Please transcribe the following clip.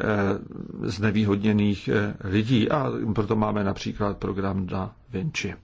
Eh, znevýhodněných eh, lidí a proto máme například program Da Vinci.